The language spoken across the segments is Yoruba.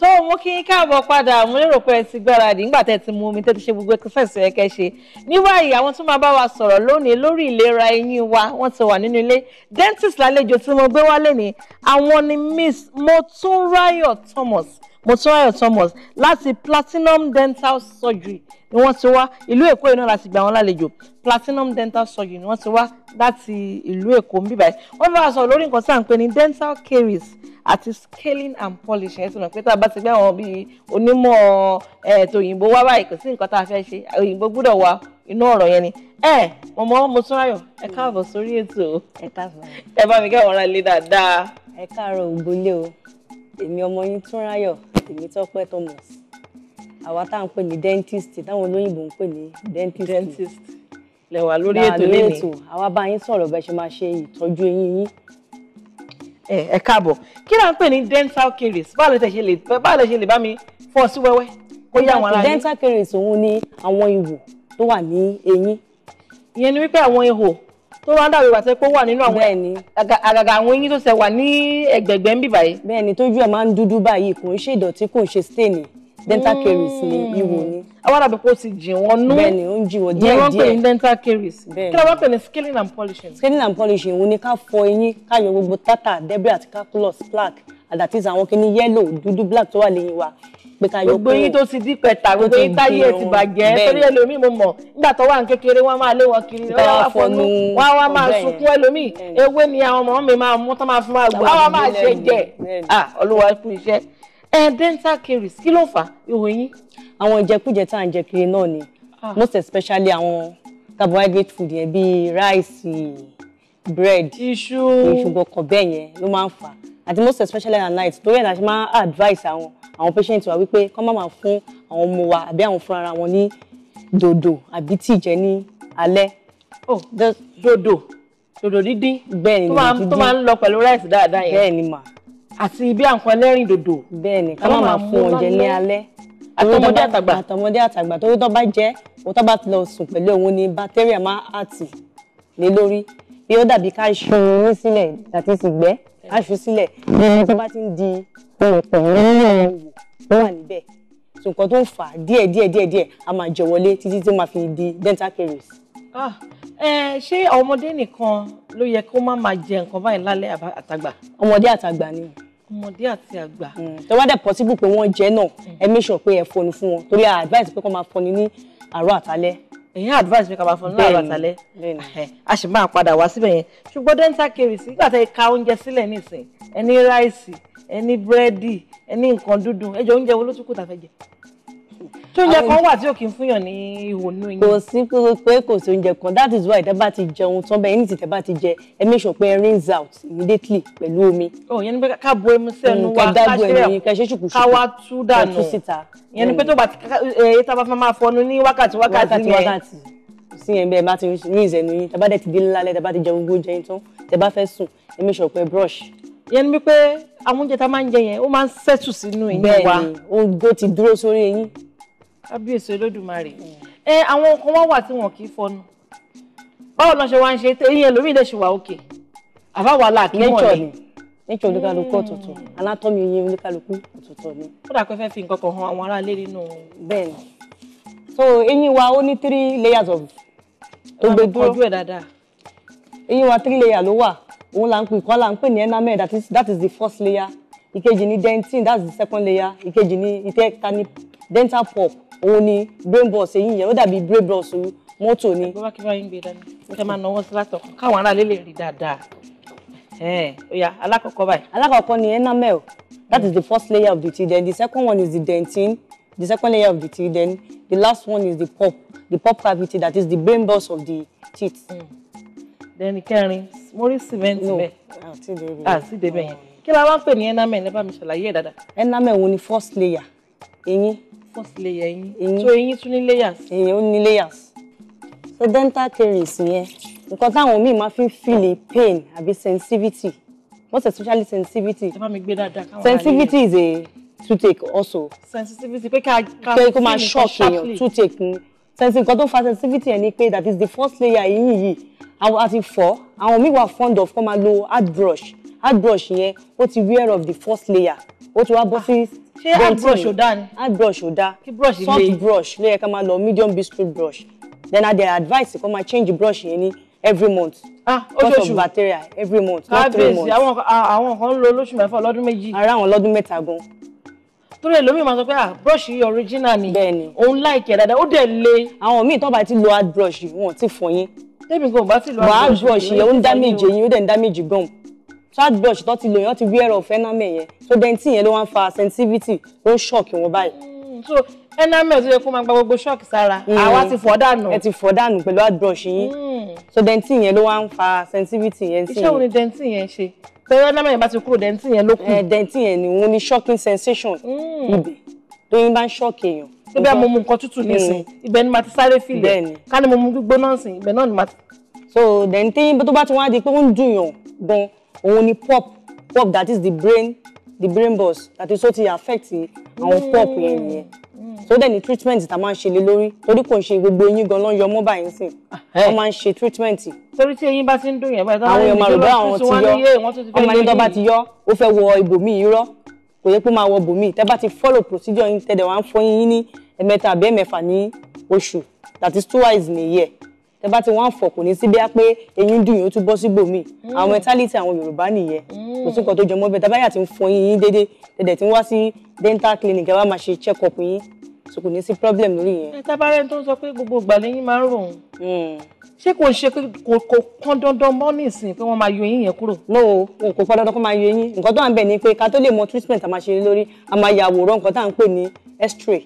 tó mú kí n káàbọ̀ padà mo lérò pé ẹ ti gbáradì nígbà tẹ́ ti mu omi tẹ́ ti ṣe gbogbo ẹ̀kọ́sẹ̀sì ẹ̀kẹ́ ṣe ní báyìí àwọn tó máa bá wa sọ̀rọ̀ lónìí lórí ìlera eyín wa wọ́n ti wà nínú ilé dentist lálejò tí mo gbé wálé ní àwọn ni Miss Motúnráyọ̀ Thomas Motunrayo Thomas láti Platinum Dental Surgery ni wọ́n ti wá ìlú Èkó yìí náà láti gbà wọ́n lálejò Platinum Dental Surgery ni wọ́n ti wá láti ìlú Èkó ń bíbáyìí wọ́n fẹ́ wá sọ lórí nǹkan tí à ń pè ní dental caries àti scaling and polishing ẹ̀sìn náà pé tá a bá ti gbé àwọn bíi onímọ̀ tòyìnbó wá báyìí kò sí nǹkan tá a fẹ́ ṣe òyìnbó gbúdọ̀ wá inú ọ̀rọ̀ yẹn ni ẹ mọ̀mọ́ Motunrayo ẹ káàbọ̀ sórí ètò ẹ bá mi kẹ́ ọ̀ràn lé dáadáa. ẹ káàárọ̀ ògbólé o èmi ọmọ yín Túnráyọ̀ tèmi Tọ́pẹ́ Thomas àwa tá à ń pè ní dentist táwọn olóyìnbó ń pè ní dentist lẹ́wà lórí ètò lẹ́ni àwa bá yín sọ̀rọ̀ bẹ́ẹ̀ ṣe máa ṣe ìtọ́jú eyín yín ẹ káàbọ̀ kí ló ń pè ní dental caries báwo lè ṣe lè báwo lè ṣe lè bá mi fọ́ sí wẹ́wẹ́ kó yá àwọn aráyé. dental caries òun ni àwọn ihò tó wà ní eyín. ìyẹn ni wípé àwọn ihò tó máa ń dàbí wàṣẹ pé ó wà nínú àwọn àgàgà àwọn eyín tó ṣe wà ní ẹgbẹgbẹ ń bì báyìí. bẹ́ẹ̀ni tójú ẹ máa ń dúdú báyìí kò ń ṣe ìdọ̀tí kò ń ṣe stain dental hmm. caries ni ìwò ni. àwọn àbẹ̀ kò sì jìn wọn nú bẹ́ẹ̀ni ó ń jìn wọn díẹ̀ díẹ̀ ni wọ́n pè ní dental caries kí ló wọ́n pè ní scaling and polishing. scaling and polishing òun ni ká fọ eyín ká yọ gbogbo tartar debris àti calculus plaque àdàtí àwọn kìíní yellow dúdú black tó wà lẹ́yìn wa pé ká yọ kúrò gbogbo yín tó ti di pẹ̀ta gbogbo yín táyé ti bàjẹ́ torí ẹlòmíì mo mọ̀ nígbà tó wà ní kékeré wọ́n máa lé wọn kiri wọ́n wá fọnú wọ́n wá máa sunkún ẹlòmíì ewé ni àwọn ọmọ mi máa mú tán máa fi máa gbọ́ àwọn máa ṣe jẹ ah olúwa kú iṣẹ́ ẹ eh, dental care kí ló fà ìròyìn. àwọn ìjẹkújẹ tá à ń jẹ kiri náà ni ah. most especially àwọn carbohydrate food yẹn bíi rice bread iṣu iṣu gbọkàn bẹ́ẹ̀ yẹn ló máa ń fà á At most especially at night torí ẹ̀ náà advice àwọn àwọn patient wa wípé kọ́ má máa fún àwọn ọmọ wa àbí àwọn fúnra ara wọn ní dodo, àbí tíì jẹ ni ale. oh the dodo, dodo dídín bẹ́ẹ̀ ni dídín tó máa ń lọ pẹ̀lú rice dáadáa yẹn bẹ́ẹ̀ ni mà. àti bí àǹkan lẹ́rìn dòdò. bẹ́ẹ̀ ni ká má máa fún je ni ale. àtọmọdé àtàgbà àtọmọdé àtàgbà torí tó bá jẹ òun tó ba ti lọ sùn pẹ̀lú òun ni bacteria máa àtì lé lórí bí ó dàbí ká ṣun ní sílẹ̀ àti sì gbẹ́ aṣọ sílẹ̀ tó bá ti ń di pọ̀npọ̀n lọ́wọ́ wò wà níbẹ̀ so nǹkan tó ń fà á díẹ̀ díẹ̀ díẹ̀ díẹ̀ a máa jẹ wọlé títí tí ó máa fi di dental caries. Ah, ṣé ọmọdé nìkan ló yẹ kó má máa jẹ nǹkan báyìí lálẹ́ àtàgbà. ọmọdé àtàgbà ni ọmọdé àti àgbà. Hmm, tó bá dẹ̀ possible pé wọ́n jẹ́ náà hmm. ẹ make sure pé ẹ fọnu fún wọn torí advice pé kó máa fọnu ní àárọ̀ àtàlẹ́ èyàn advice mi kaba fún láàárọ̀ àtàlẹ́ a sì máa padà wá síbẹ̀ yẹn ṣùgbọ́n dental care sí nígbà tá ẹ ka oúnjẹ sílẹ̀ nísìn ẹni ráìsì ẹni búrẹ́dì ẹni nǹkan dúdú ẹjọ oúnjẹ wo ló tún kù tá jẹ tí oúnjẹ kan wà tí ò kí n fúnyàn ní ìwònú yín. kò sí pé kò sí oúnjẹ kan that is why tẹ́ bá ti jẹun tán bẹ́ẹ̀ ní ti tẹ́ bá ti jẹ ẹ make sure pé ẹ rinse out immediately pẹ̀lú omi. o yẹn ni pé ká bo emu sẹ́nu mm, wa ká ṣe ká wá tú dànù yẹn ni pé mm. tó bá ti ẹ tá bá fẹ́ máa fọnu ní wákàtí wákàtí yẹn sí yẹn bẹ́ẹ̀ bá ti rinse ẹnu yín tẹ́ bá dẹ̀ ti dín lálẹ́ tẹ́ bá ti jẹun brush yẹn ni pé àwọn oúnjẹ tá a máa ń jẹ yẹn ó máa ń sẹ́tù sínú eyín wa. bẹ́ẹ̀ni ó ti dúró sórí eyín kábíyèsí olódùmarè mm. ẹ àwọn kan wá wà tí wọn kì í fọnu báwo lọ ṣe wá ń ṣe eyín ẹlòmíì lè ṣe wà òkè àbáwá làákẹ́ wọn ni nature oníkálukú ọ̀tọ̀ọ̀tọ̀ mm. anatomy yín oníkálukú ọ̀tọ̀ọ̀tọ̀ ni. kódà pé fẹ́ fi nǹkan kan han àwọn aráalé nínú. bẹ́ẹ̀ni so eyín wa ó ní three layers of tó gbé dúró ọdún ẹ̀ dáadáa. eyín wa three layer ló wà òun là ń pè kọ́ là ń pè ní enamel that is that is the first layer ìkejì ní dentin that's the second layer ìkejì ní ìtẹ́ka ní dental pulp òun ni brain boss eyín yẹn ó dàbí brain boss mọ́tò ni. ẹgbẹ́ wá kí wá yín gbé dání mo fẹ́ máa náwó láti ọkàn káwọn aráàlú lè rí dáadáa. oya alákọ̀ọ́kọ́ báyìí. alákọ̀ọ́kọ́ ni enamel that is the first layer of the teeth then the second one is the dentin the second layer of the teeth then the last one is the pulp the pulp cavity that is the brain boss of the teeth. Mm. then ìkẹrin mo rí cement bẹ́ẹ̀ àti débẹ̀ yẹn kí la wá ń pè ní enamel ẹ bá mi ṣàlàyé ẹ̀ dáadáa. enamel wo ni first layer eyín kàn sí lè yẹ eyín so eyín tún ní layers. èyí ó ní layers so dental caries yẹn nǹkan táwọn míì máa fi ń feel pain àbí sensitivity What's especially sensitivity. ẹ bá mi gbé dáadáa káwọn àlejò sensitivity is a toothache also. sensitivity pé ká ká pé kó máa shock èèyàn toothache ni sensitivity nǹkan tó fa sensitivity yẹn ni pé that is the first layer eyín yìí àti fọ́ àwọn míì wà fond of kó máa lo hard brush hard brush yẹn ó ti wear of the first layer ó ti wá bọ́ sí. Ah, ṣé hard brush ò dáa ni. hard brush ò dáa soft brush ló yẹ ká máa lọ medium biscuit brush then i dey advise kó máa change brush yẹn ní every month. ah oṣooṣù because of bacteria every month not three months. àwọn ah, àwọn kan ń lo olóṣù mẹ́fà lọ́dún méjì. ara àwọn lọ́dún mẹ́ta gan. torí ẹlòmíì máa sọ pé ah brush yìí original ni. bẹ́ẹ̀ni òun láìkẹ dáadáa ó dẹ̀ le. àwọn míì tó bá ti lo hard brush yìí wọn ò tí fọyín. tẹ́bí gan bá ti lo hard brush yìí ó ń dámèjì yín ó dẹ̀ ń dámèjì gum trash brush tó ti lò yẹn ti wear off enamel yẹn so dentin yẹn ló wá ń fa sensitivity ó shock wọn báyìí. Mm, so enamel tó yẹ kó máa gba gbogbo shock sára mm. àwa ti fọ́ dànù. ẹ ti fọ́ dànù pẹ̀lú hard brush yín mm. so dentin yẹn ló wá ń fa sensitivity yẹn sí yẹn. iṣẹ́ wo ni dentin yẹn ṣe pẹ̀lú enamel yẹn bá ti kúrò dentin yẹn ló kù. ẹ eh, dentin yẹn ni wọ́n ní shocking sensation ibẹ̀ tó yín bá ń shock èèyàn tó bẹ́ẹ̀ mo mu nǹkan tútù nísìn ibẹ̀ ni màá ti sáré filẹ̀ ká ní mo mu gbígbóná sìn ibẹ̀ náà ni so then téyín tó bá ti wá di pé ó òun ni pop pop that is the brain the brain boss that is so ti affect àwọn mm. pop yẹn nìyẹn so then the treatment ta máa ń ṣe lé lórí torí kò ń ṣe gbogbo eyín gan lọ́n yọ mọ́ báyìí sìn eh. wọ́n máa ń ṣe treatment. torí tí eyín bá ti ń dùn yẹn báyìí táwọn èèyàn rògbò àwọn ti yọ ọmọ ẹni tó bá ti yọ ó fẹ́ wọ ibòmíì irọ́ kò yẹ kó máa wọ ibòmíì tẹ́ bá ti follow procedure yín tẹ́ dẹ̀ wá ń fọyín yín ní ẹ̀mẹ́ta àbí ẹ̀mẹ́fà ní oṣù that is twice in a year tẹ bá ti wọ́n ń fọ̀ kò ní sí bí a pé eyín dùn yín ó tún bọ́ sí gbòmí mm. àwọn mentality àwọn Yorùbá nìyẹn kò sí mm. nǹkan tó jẹ mọ́ bẹ́ẹ̀ tábàyà ti ń fọ yín déédéé tẹ̀dẹ̀ tí ń wá sí dental clinic ẹ wá máa ṣe check up yín so kò ní sí problem lórí yẹn. ẹ tábàárẹ̀ tó ń sọ pé gbogbo ìgbà lẹ́yìn máa ń rò ó hmm. ṣé kò ṣe kò kò pọn dandan mọ́ nísìnyí pé wọ́n máa yọ eyín yẹn kúrò. no kò pọn dandan kó máa yọ eyín nǹkan tó à ń bẹ̀ ni pé ká tó lè mọ treatment a máa ṣe lórí a máa yàwòrán nǹkan tá à ń pè ní x-ray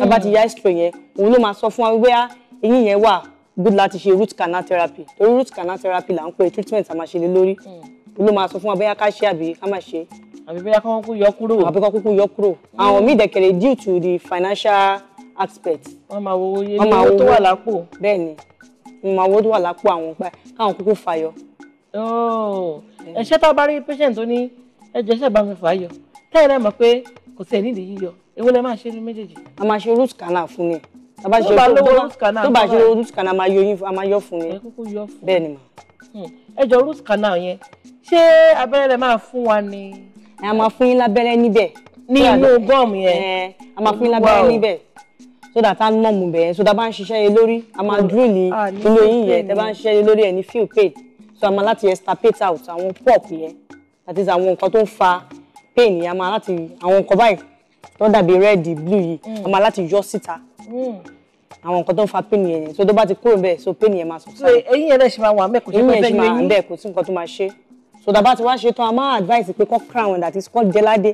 tá bá hmm. ti ya x-ray yẹn òun ló máa sọ fún wa wípé eyín yẹn wà good láti ṣe root canal therapy torí root canal therapy là ń pè treatment a máa ṣe lé lórí hmm. ló máa sọ fún wa bóyá ká ṣe àbí ká má ṣe. àbí bóyá kán kúkú yọ kúrò. àbí kán kúkú yọ kúrò. Hmm. àwọn míì dẹ̀kẹ̀rẹ̀ due to the financial aspect. wọ́n máa wo iye owó tó wà lápò. bẹ́ẹ̀ ni wọ́n máa wo owó tó wà lápò àwọn gbà káwọn kúkú fàyọ. Oh. Hmm. ẹ̀ṣẹ́ tá a bá rí patient tó ní ẹ̀jẹ̀ ṣẹ̀ bá mi fà yọ táyà mọ̀ pé kò sí ẹ̀ nídìí yíyọ èwo lẹ máa ṣe ní méjèèjì. a máa ṣe root canal fún ni tó bá ṣe root canal tó bá ṣe root canal máa yọ a máa yọ fún yín bẹ́ẹ̀ ni mà. Hmm. ẹ jọ root canal yẹn ṣé abẹ́rẹ́ lẹ máa fún wa ni. a máa fún yín lábẹ́rẹ́ níbẹ̀. ní inú gum yẹn. a máa fún yín lábẹ́rẹ́ níbẹ̀ so that a nọ mu bẹ́ẹ̀ so that bá ń ṣiṣẹ́ yẹn lórí a máa drill ah, inú eyín yẹn tẹ́ bá ń ṣiṣẹ́ yẹn lórí ẹ̀ ní feel pain so a máa láti extirpate out àwọn pop yẹn that is àwọn nǹkan tó ń fa pain yẹn a máa láti àwọn nǹkan báyìí tó dàbí red blue yìí a hmm. máa láti yọ síta Hmm. àwọn nǹkan tó ń fa pain yẹn so tó bá ti kúrò bẹ́ẹ̀ so pain yẹn máa sọ. so eyín yẹn náà ṣe máa wà mẹ́kùn tó bẹ́ẹ̀ ní eyín bẹ́ẹ̀ kò sí nǹkan tó máa ṣe so tá a bá ti wá ṣe tán a máa advice pé kọ́ crown that is called delade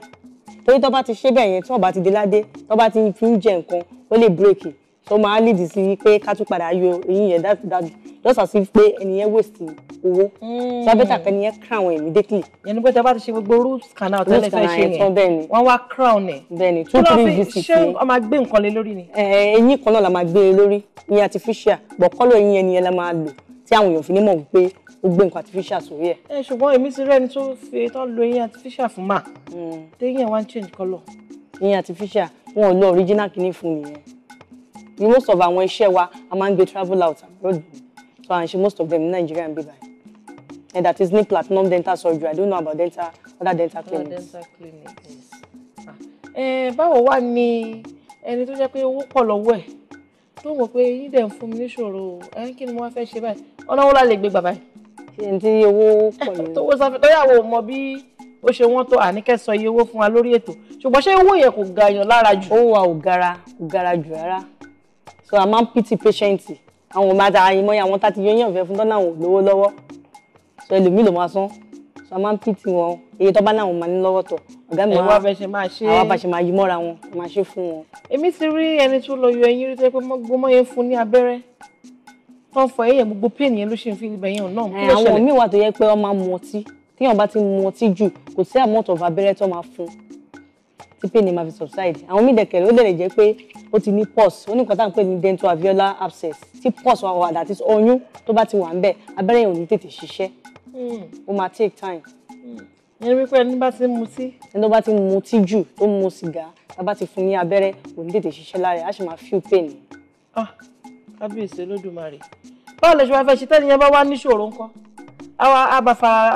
torí tó bá ti ṣe bẹ́ẹ̀ yẹn tí wọ́n bá ti delade tó bá ti fi ń jẹ nǹkan ó lè break so máa lead sí pé ká tún padà yọ eyín yẹn dájúdájú just as if pé ẹnìyẹn waste owó mm. sábẹ́tà pé nìyẹn crown ẹ̀ immediately. yẹn ni pé tẹ bá ti ṣe gbogbo root canal tẹ́lẹ̀ fẹ́ ṣe yẹn wọ́n wá crown ẹ̀. bẹ́ẹ̀ni two three visit ni ṣé ọ máa gbé nǹkan lé lórí ni. eyín kan náà la máa gbé e lórí ní artificial bọ̀ kọ́lọ̀ eyín yẹn nìyẹn la máa lò tí àwọn èèyàn fi ní mọ̀ wípé ó gbé nǹkan artificial sórí ẹ̀. ẹ ṣùgbọ́n èmi ti rẹ́ni tó fi tó lo eyín artificial fún mà mm. téyín ẹ̀ wá ń change colour. eyín artificial wọn ò lo original kìíní fún nìyẹn ni most of àwọn iṣẹ́ wa a máa ń gbé travel out abroad so à ń ṣe most of them in Nigeria ń bí báyìí and that is new platinum dental surgery i don't know about dental other dental clinics. dental clinics. Ah. Eh, báwo wá ni ẹni tó jẹ́ pé owó pọ̀ lọ́wọ́ ẹ̀ tó mọ̀ pé yín dẹ̀ ń fún mi níṣòro ẹ kí ni mo wá fẹ́ ṣe báyìí ọ̀nà wo la lè gbé gbà báyìí. ṣe n tí owó pọ̀ eh, yẹn. tówó sanfẹ tó yàwó mọ bí ó ṣe wọ́n tó àníkẹ́ sọ iye owó fún wa lórí ètò ṣùgbọ́n ṣé owó yẹn kò ga èèyàn lára jù. owó wa ò gara ò gara jù rárá so a máa ń pity patient àwọn ọmọ àti àyìnbó yẹn àwọn tá ti yọ yẹn ọ̀fẹ́ fún tọ́nà àwọn olówó lọ́wọ́ ẹlòmíì ló máa san so a máa ń pìtì wọn iye tó bá láwọn máa ní lọ́wọ́ tọ̀ ọ̀gá mi wá àwọn abàṣẹ máa yí mọ́ra wọn máa ṣe fún wọn. èmi ti rí ẹni tó lọ yọ eyín rí tó pé gbọmọ yẹn fún ní abẹ́rẹ́ tó ń fọ eyín gbogbo pain yẹn ló ṣe ń fi ibẹ̀ yẹn náà kí ló ṣẹlẹ̀. àwọn míì wà tó yẹ pé wọ́n máa mu ọtí téèyàn bá ti mu ọtí jù kò sí amount of abẹ́rẹ́ tó máa fún tí pain yẹn máa fi subside àwọn míì dẹ̀kẹ̀rẹ̀ ó dẹ̀ lè jẹ́ pé ó ti ní pus ó ní nǹkan tá à ń pè ní dental alveolar abscess tí pus wà wà that is oyún tó bá ti wà ń bẹ̀ abẹ́rẹ́ yẹn ò ní tètè ṣiṣẹ́ Mm. ó máa take time. Mm. ẹni wípé ẹni bá ti mutí. ẹni tó bá ti mutí jù tó mu sìgá tá a bá ti fún ní abẹ́rẹ́ kò ní tètè ṣiṣẹ́ lára ẹ̀ á máa feel pain. ah kábíyèsí olódùmarè báwo lè ṣe máa fẹ́ ṣe tẹ́niyẹn bá wá níṣòro ńkọ́ àwa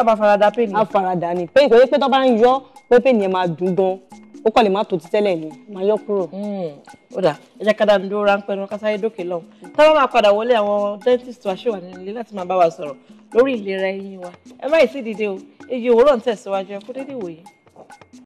abafarada pain. afarada ni pé ìkòyí pé tó bá ń yọ pé pain yẹn máa dùn gan ó kàn lè má tó tẹ́lẹ̀ ni máa yọ kúrò. Hmm, ó dà ẹ jẹ́ kádà dúró ráńpẹ́ náà kásáyé dókè lọ́hùn tá a bá máa padà wọlé àwọn dentist wa ṣèwà nínú ilé láti máa bá wa sọ̀rọ̀ lórí ìlera eyín wa ẹ má ì sí dìde o èyí òwúrọ̀ ń tẹ̀síwájú ẹ kú dédé wòye.